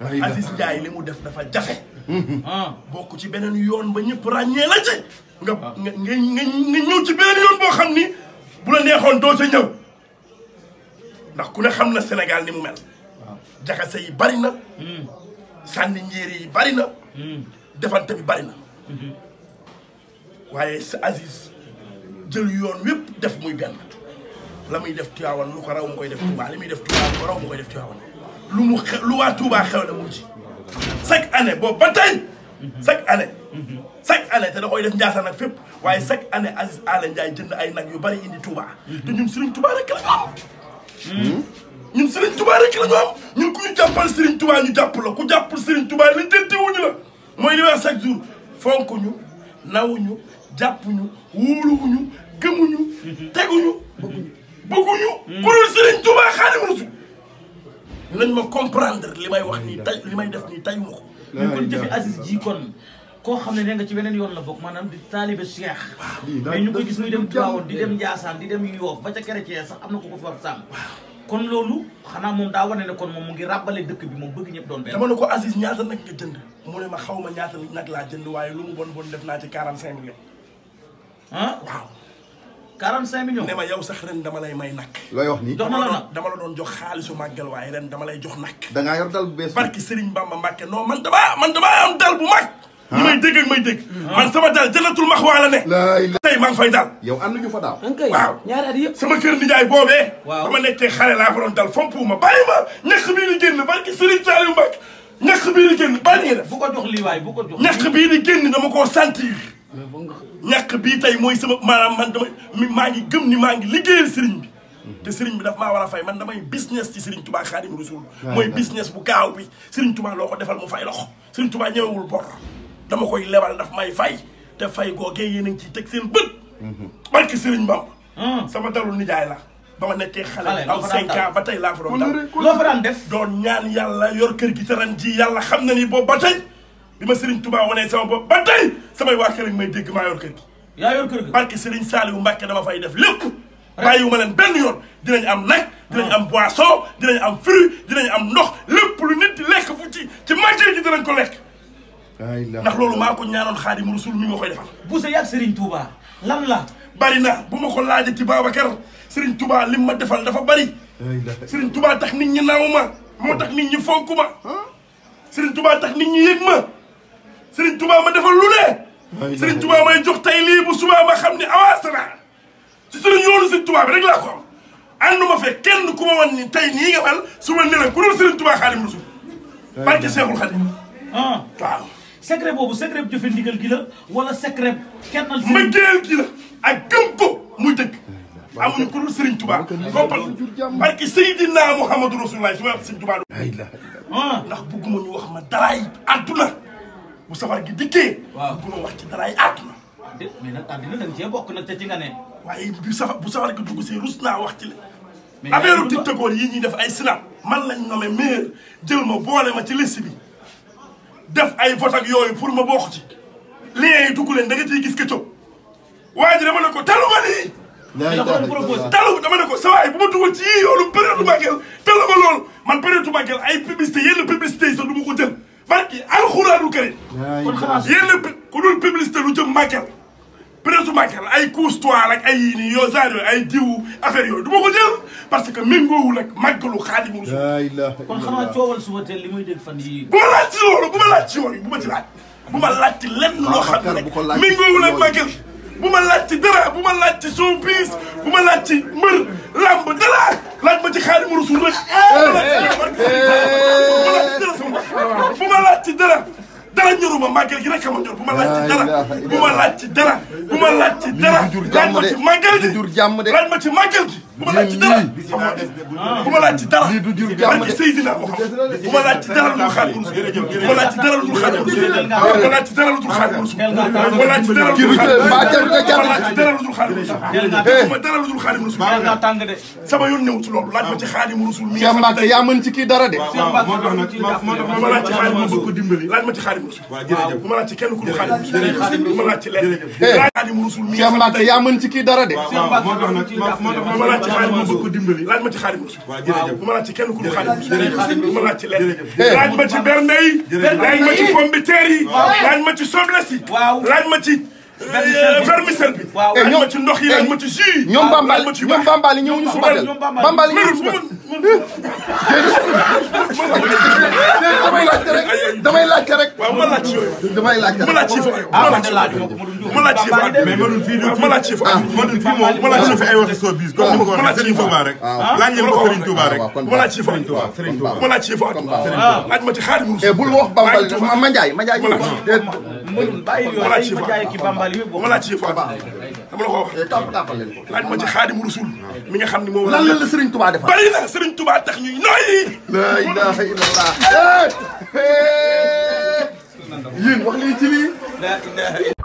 Aziz Ndiaye li mu def dafa jafe. Mm-hmm. Ah. bokk ci beneen yoon ba ñëpp ràññee la ci. nga nga nga nga ñëw ci beneen yoon boo xam ni bu la neexoon doo ca ku ne xam na senegal ni mu mel. jaxase yi bari na. Mm. sànni njéeri yi bari na. Mm. defante bi mm-hmm. waaye sa jël yoon wépp def muy benn la muy def Tiwaawan lu ko raw koy def Tuubaa li muy def Tuubaa lu ko lu mu xe lu waa Touba xew la mu ci chaque année boobu ba tey chaque année chaque année te da koy def Ndiassane nag fépp waaye chaque année Aziz Aly Ndiaye jënd ay nag yu bari indi Touba te ñun Serigne Touba rek la ñu am ñun Serigne Touba rek la ñu am ñun ku ñu jàppal Serigne Touba ñu jàpp la ku jàppul Serigne Touba lañ jënte wuñu la mooy li wax chaque jour fonk ñu nawuñu jàppuñu wóoluwuñu gëmuñu teguñu bëgguñu ku dul Serigne Touba Xaadimu nañ ma comprendre li may wax nii tay li may def nii tayu ma ko. mais kon jëfi Aziz kon. koo xam ne nee ci beneen yoon la bokk maanaam di taalibe Cheikh. mais ñu koy gis muy dem Tivaouane di dem Ndiassane di dem Yoff ba ca Kerecee sax am na ko ko fi wax sàmm. kon loolu xanaa moom daa wane ne kon moom mu ngi ràbbale dëkk bi moom bëgg ñëpp doon benn. dama ne ko Aziz ñaata nag nga jënd mu ne ma xaw ma ñaata nag laa jënd waaye lu mu bon bon def naa ci quarante cinq mille. ah waaw. 45 millions ne ma yow sax ren dama lay may nag. na la nag dama la doon jox xaalisu màggal waaye ren dama lay jox nag. da ngaa yor dal bu bees. barki Serigne Bamba Mbacke non man damaa man damaa am dal bu mag. Ah. ñi may dégg ak may dégg. Ah. man sama dal jënatul max waa la ne. laay la tey maa ngi fay dal. yow ànd ñu fa daaw. waaw ñaari at yëpp. sama kër nijaay boobee. waaw ba ma nekkee xale laa fa doon dal fompu ma bàyyi ma ñax bii di génn ñàkk bii tey mooy sama maanaam man dama maa ngi gëm ni maa ngi liggéeyal sëriñ bi mhm. te sëriñ bi daf maa war a fay man damay business ci sëriñ tubaa xaadim rasul mooy business bu gaaw bi sëriñ tubaa loo ko defal mu fay loxo sëriñ tubaa ñemewul bor dama koy lebal daf may fay te fay googee yéen a ngi ciy teg seen bët mhm. barki sëriñ Bamba mhm. sama dalul nijaay la ba ma nekkee xale am cinq ans ba tey laa fa doon dal loo fa daan def doon ñaan yàlla yor kër gi te ren ji yàlla xam na ni boobu ba tey bi ma Serigne Touba wanee sama bopp ba tey samay waa kër may dégg maa yor kër gi. yaa yor kër gi barke Serigne Saliou Mbacke dama fay def lépp. bàyyiwu ma leen benn yoon dinañ am nag. dinañ ah. am boisson dinañ am fruit dinañ am ndox lépp lu nit di lekk fu ci ci matière ji dinañ ko lekk. ndax loolu maa ko ñaanoon Xaadimu Rasuul mi ma koy defal. bu sa yàgg Serigne Touba lan la. bari na bu ma ko laajee ci Babacar Serigne Touba lim ma defal dafa bari. Serigne Touba tax nit ñi naaw ma moo tax nit ñi fonk ma. Serigne Touba tax nit ñi yëg Serigne Touba ma defal lu ne. Serigne Touba may jox tey lii bu ma xam ni avancé naa ci suñu yoonu Serigne Touba bi rek laa ko am. ànduma fekk kenn ku ma wan ni tey nii nga mel su ma nee la ku dul Serigne Touba Xaadimu Rasuul. barke Seexul Xaadim ah waaw. secret boobu secret bu jëfe ndigal gi la wala secret kennal. mbëggeel gi la ak gëm ko muy dëgg. amuñu ku dul Serigne Touba goppal barke Seydina Mouhamadou Rasulullah si ma Serigne Touba. Ah. ndax bëgguma ñu wax ma daraay àdduna. bu safar gi dikkee. waaw bu ma wax ci daraay àdduna. dé mais nag àdduna da nga cee bokk nag te ci nga ne. waaye bu safar gi dugg see rus naa wax ci la. mais affaire tiktokoor yi ñuy def ay snap man lañ nommé maire jël ma boole ma ci liste bi def ay vote yooyu pour ma bokk ci liens yi dugg leen da nga ciy gis ka coow waaye ji dama ko talu ma lii. yaa proposé talu dama ne ko sa waay bu ma dugal ci yii yoonu période màggal talu ma loolu man période màggal ay publicité yenn publicité yi sax du ma ko barki alxuraanu karim kon xanaa yéen ku dul publicité lu jëm Màggal presse ay couche-toi ak ay yii nii yoo affaire yooyu du ma ko jël parce que méngoowul ak màggalu Xaadimu Rasuul kon xanaa coowal suba teel li muy dégg fan yii bu ma laaj ci bu ma laaj ci yooyu bu ma ci laaj ah, bu ma laaj ci lenn loo ah, bu ma laaj ci dara bu ma laaj ci showbiz bu ma laaj lamb dara laaj ma ci Xaadimu Rasuul rek. bu ma laaj ci dara dara ñoruma màggal gi rek xam nga bu ma laaj ci dara bu ma laaj ci dara bu ma laaj ci dara. laaj ma ci màggal gi laaj ma ci màggal gi. bu ma laaj ci dara bu ma laaj ci dara barke Seydina Muhammad bu ma laaj ci dara lu dul xaar kurus bu ma laaj ci dara lu dul xaar kurus bu ma laaj ci dara lu dul xaar kurus bu ma laaj ci dara lu dul xaar kurus bu ma dara lu dul xaar kurus sama yoon ñëw ci loolu laaj ma ci Xaadimu Rasul mi Cheikh Mbacke yaa mën ci kii dara de moo tax nag bu ma laaj ci Xaadimu Rasul ko dimbali laaj ma ci Xaadimu Rasul bu ma laaj ci kenn ku dul Xaadimu Rasul bu ma laaj ci lenn Xaadimu Rasul mi Cheikh Mbacke yaa mën ci kii dara de moo tax nag ci xaalis mosul ko dimbali laaj ma ci xaalis mosul. waaw jërëjëf ma laaj ci kenn ku ma laaj ci lenn. laaj ma ci bernde laaj ma ci pombiteer yi. laaj ci sobles yi. laaj ma euh, bi. laaj eh, ma ci ndox yi laaj ma ci jus yi. ñoom bambali ñoom bambali ñëwuñu su badel bambali damay laajte rek damay laajte rek. waaw ma laaj ci yooyu. damay laajte rek ma laaj ci fa. ah ma laaj ci fa ma laaj ci fa mais ma dun fii ma laaj ci fa. ah ma dun fii moom ma laaj ci fa ay waxi soo bis. comme ni ma ko waxee Serigne Touba rek. laaj leen ko Serigne Touba rek. ma laaj ci fa Serigne Touba ma laaj ci fa. laaj ma ci Xaadimu Rasuul. bul wax bambal ma ma Ndiaye ma Ndiaye. ma laaj ci fa ma laaj ci fa ma laaj ci fa. dama la ko wax tàpp eh, tàppal leen ko laaj ma ci xaadim rasul mi nga xam ne moom lan la sëriñ tubaa defal bari na sëriñ tubaa tax ñuy nooyi la ilaha illallah eh, eh. yéen wax lii ci lii